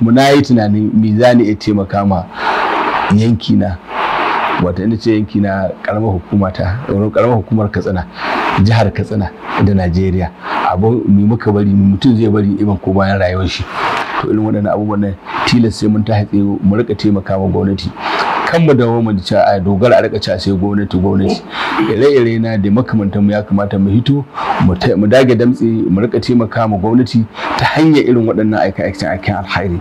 muna yi tunanin me za ni iya taimaka ma yanki na wata ina ce yanki na karamar hukuma karamar hukumar katsina jihar katsina da najeriya abu mai muka bari mutum zai bari iban ko bayan rayuwar shi to irin waɗannan abubuwan nan tilas sai mun ta hatsi mu rika taimaka ma gwamnati kan mu da mu ci a dogara a rika ci sai gwamnati gwamnati ire-ire na da makamantan mu ya kamata mu hito mu dage damtse mu rika taimaka mu gwamnati ta hanyar irin waɗannan aika aikin alhairi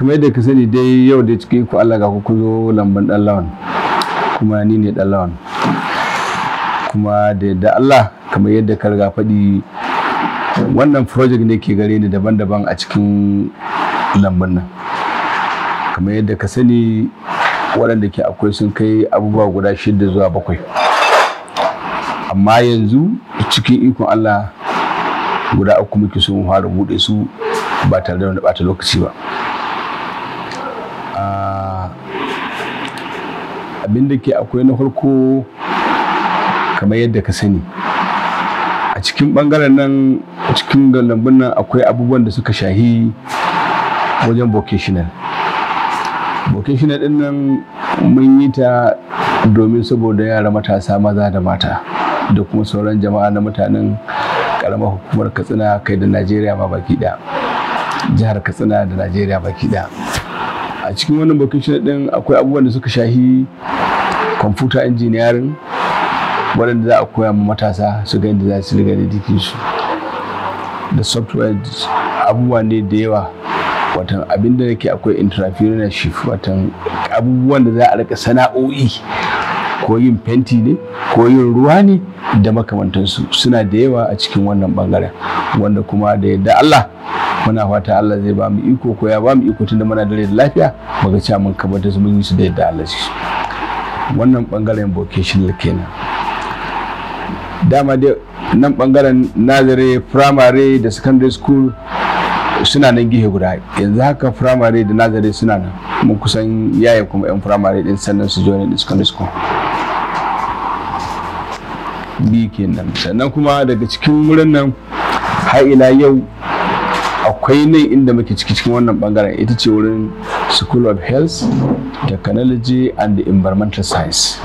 kamar yadda ka sani dai yau da cikin ku Allah ga ku zo lamban dan lawan kuma ni ne dan lawan kuma da yadda Allah kamar yadda ka riga faɗi wannan project ne ke gare ni daban-daban a cikin lambun nan kamar yadda ka sani waɗanda ke akwai sun kai abubuwa guda shida zuwa bakwai amma yanzu cikin ikon Allah guda uku muke so mu fara buɗe su ba tare da wani ɓata lokaci ba abin da ke akwai na farko kamar yadda ka sani a cikin bangaren nan a cikin lambun nan akwai abubuwan da suka shahi wajen vocational vocational din nan mun yi ta domin saboda yara matasa maza da mata da kuma sauran jama'a na mutanen karamar hukumar katsina kai da najeriya ma baki ɗaya jihar katsina da najeriya baki ɗaya a cikin wannan vocational din akwai abubuwan da suka shahi computer engineering waɗanda za a koya ma matasa su ga inda za su riga da jikinsu da software abubuwa ne da yawa watan abinda nake akwai entrepreneurship watan abubuwan da za a rika sana'o'i ko yin fenti ne ko yin ruwa ne da makamantansu suna da yawa a cikin wannan bangaren wanda kuma da yadda Allah muna fata Allah zai ba mu iko ko ya ba mu iko tunda muna da lafiya muga cewa mun kamata mun yi su da yadda Allah shi wannan bangaren vocational kenan dama dai nan bangaren nazare primary da secondary school suna nan gihe guda yanzu haka firamare da nazare suna nan mun kusan yaya kuma yan firamare din sannan su zo ne secondary school bi kenan sannan kuma daga cikin wurin nan har ila yau akwai nan inda muke ciki cikin wannan bangaren ita ce wurin School of Health, Technology and Environmental Science.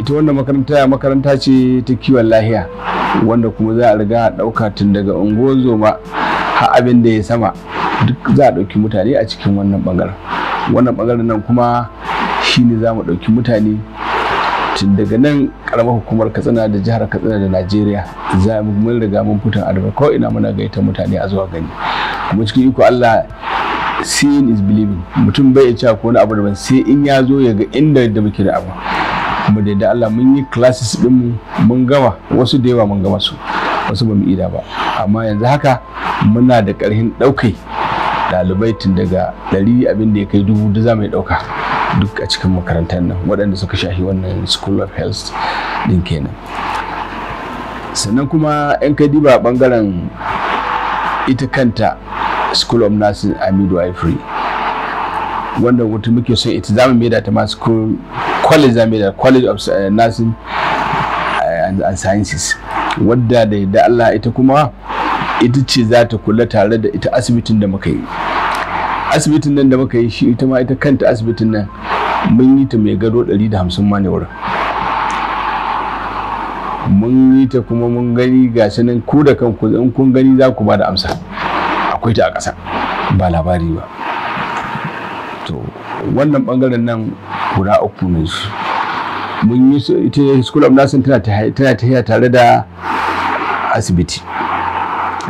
Ita wannan makaranta ya makaranta ce ta kiwon lahiya wanda kuma za a riga a ɗauka tun daga unguwar zoma har abin da ya sama duk za a ɗauki mutane a cikin wannan ɓangaren. Wannan ɓangaren nan kuma shine za mu ɗauki mutane tun daga nan karamar hukumar katsina da jihar katsina da najeriya za mu mun riga mun fitan arewa ko ina muna gaita mutane a zuwa gani kuma cikin iko allah seeing is believing mutum bai ya ko wani abu ban sai in ya zo ya ga inda da muke da abu kuma da yadda Allah mun yi classes din mun gama wasu da yawa mun gama su wasu ba mu ida ba amma yanzu haka muna da karhin daukai dalibai tun daga ɗari abin da ya kai dubu da za mu dauka duk a cikin makarantar nan waɗanda suka shahi wannan school of health din kenan sannan kuma 'yan kadiba bangaren ita kanta school of nursing and midwifery wanda wata muke son ita zamu da ta ma school college zamu da college of eh, nursing eh, and sciences wadda da yadda Allah ita kuma ita ce za ta kula tare da ita asibitin da muka yi asibitin nan da muka yi shi ita ma ita kanta asibitin nan mun yi ta mai gado 150 ma ne wurin mun yi ta kuma mun gani gashi nan ku da kanku in kun gani za ku ba da amsa akwai ta a ƙasa ba labari ba to wannan bangaren nan kura uku ne su mun yi ita school of nursing tana tafiya tare da asibiti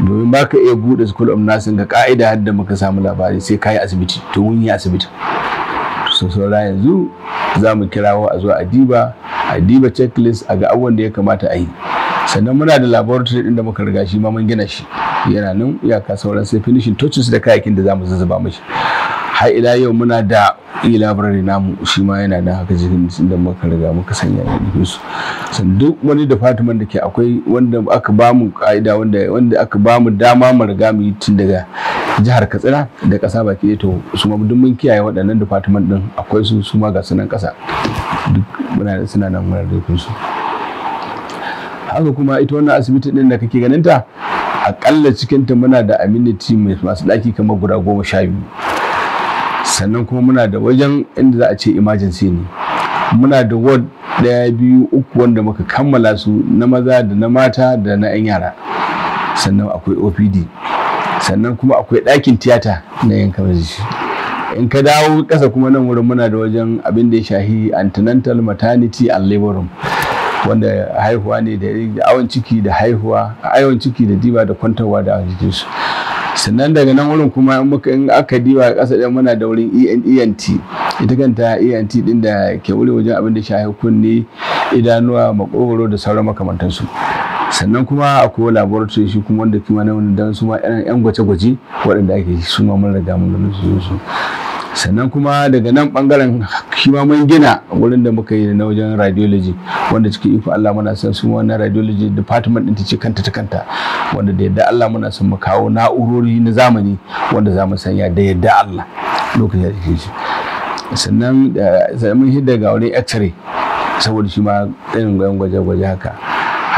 domin ba ka iya buɗe school of nursing ga ka'ida da muka samu labari sai ka yi asibiti to mun yi asibiti so saura yanzu za mu kirawo a zo a diba a diba checklist a ga abubuwan da ya kamata a yi sannan muna da laboratory din da muka riga shi ma mun gina shi yana nan iyaka sauran sai finishing touches da kayakin da zamu zuzuba mishi har ila yau muna da e-library namu shi ma yana da haka jikin da muka riga muka sanya da su san duk wani department da ke akwai wanda aka ba mu ka'ida wanda wanda aka bamu dama mu riga mu yi tun daga jihar Katsina da ƙasa baki to su ma duk mun kiyaye waɗannan department din akwai su su ma ga sunan ƙasa duk muna suna nan muna da su haka kuma ita wannan asibiti din da kake ganin ta akalla cikin muna da amenity masu ɗaki kamar guda goma sha biyu sannan kuma muna da wajen inda za a ce emergency ne muna da ward ɗaya biyu uku wanda muka kammala su na maza da na mata da na 'yan yara sannan akwai opd sannan kuma akwai ɗakin tiyata na yanka shi in ka dawo ƙasa kuma nan wurin muna da wajen abin da ya shahi antenatal maternity and labor room wanda haihuwa ne da awon ciki da haihuwa a awon ciki da diba da kwantarwa da jikinsu sannan daga nan wurin kuma in aka diba a ƙasa ɗin muna da wurin ent ita kanta ent ɗin da ke wuri wajen abin da shahi kunne idanuwa makogoro da sauran makamantansu sannan kuma akwai laboratory shi kuma wanda kuma na wani dan su ma yan gwaje-gwaje waɗanda ake su ma mun riga mun su sannan kuma daga nan bangaren kima mun gina wurin da muka yi na wajen radiology wanda cikin iko Allah muna san su wannan radiology department din ta ce kanta ta kanta wanda da yadda Allah muna san mu kawo na'urori na zamani wanda za mu sanya da yadda Allah lokacin da shi sannan eh, mun hidda ga wani x-ray saboda shi ma irin gwaje-gwaje haka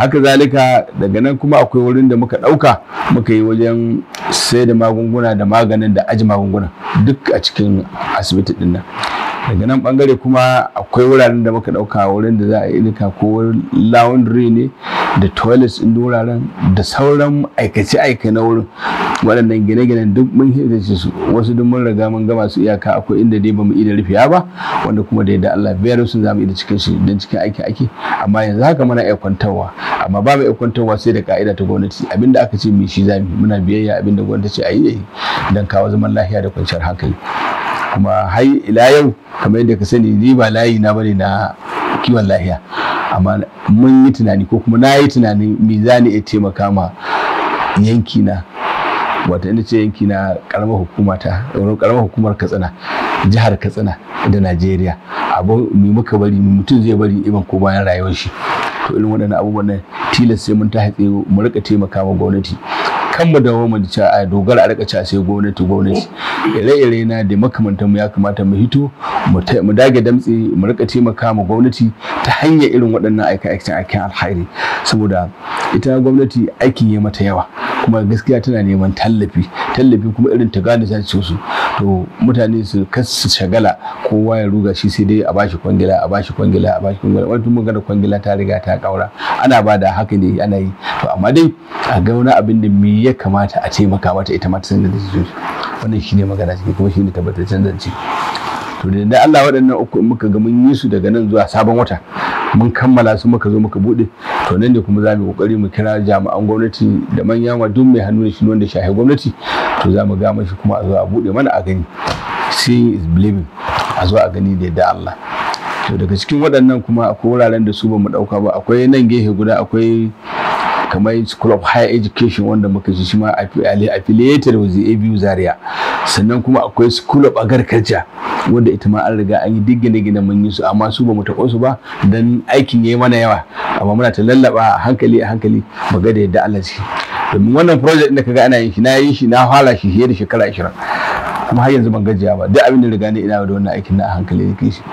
haka zalika daga nan kuma akwai wurin da muka ɗauka muka yi wajen sai da magunguna da maganin da aji magunguna duk a cikin asibiti din daga nan bangare kuma akwai wuraren da muka dauka wurin da za a ilika ko laundry ne da toilets din wuraren da sauran aikace aikace na wurin waɗannan gine-ginen duk mun hirce su wasu duk mun riga mun gama su iyaka akwai inda dai bamu ida rufiya ba wanda kuma da yadda Allah biyar sun zamu ida cikin shi don cikin aiki ake amma yanzu haka muna iya kwantarwa amma ba mu iya kwantarwa sai da ka'ida ta gwamnati abinda aka ce mai shi zamu muna biyayya abinda gwamnati ce a yi don kawo zaman lafiya da kwanciyar hankali kuma har ila yau kamar yadda ka sani ni ba layi na bane na kiwon lafiya amma mun yi tunani ko kuma na yi tunanin me za ni iya taimaka ma yankina. wata inda ce yanki na karamar hukuma ta karamar hukumar katsina jihar katsina da najeriya abu mai muka bari mutum zai bari iban ko bayan rayuwar shi to irin waɗannan abubuwan nan tilas sai mun ta hatsi mu rika taimaka wa gwamnati kan mu dawo mu a dogara a rika sai gwamnati gwamnati ire-ire na da makamantan mu ya kamata mu hito mu dage damtse mu rika taimaka mu gwamnati ta hanyar irin waɗannan aika aikin aikin alhairi saboda ita gwamnati aikin ya mata yawa kuma gaskiya tana neman tallafi tallafi kuma irin ta gane za su to mutane su kasu shagala kowa ya ruga shi sai dai a bashi kwangila a bashi kwangila a bashi kwangila wani tumbin gana kwangila ta riga ta kaura ana ba da haka ne ana yi to amma dai a ga wani abin da me ya kamata a taimaka mata ita mata ta san da su wannan shi ne magana ciki kuma shi shine tabbataccen zance to da Allah waɗannan uku muka ga mun yi su daga nan zuwa sabon wata mun kammala su muka zo muka buɗe. to nan ne kuma za mu kokari mu kira jami'an gwamnati da manyan ma duk mai hannu da shi wanda shahe gwamnati to za mu gama shi kuma a zo a buɗe mana a gani seeing is believing a zo a gani da yadda Allah to daga cikin waɗannan kuma akwai wuraren da su ba mu ɗauka ba akwai nan gehe guda akwai kamar school of higher education wanda muka ji shi ma affiliated with the abu zaria sannan kuma akwai school of agriculture wanda ita ma an riga an yi duk gine-gine mun yi su amma su ba mu taɓo su ba dan aikin yayi mana yawa amma muna ta lallaba hankali a hankali ba ga da yadda Allah shi domin wannan project da kaga ana yin shi na yi shi na hala shi fiye da shekara 20 kuma har yanzu ban gajiya ba duk abin da riga ne ina da wannan aikin na hankali hankali kai shi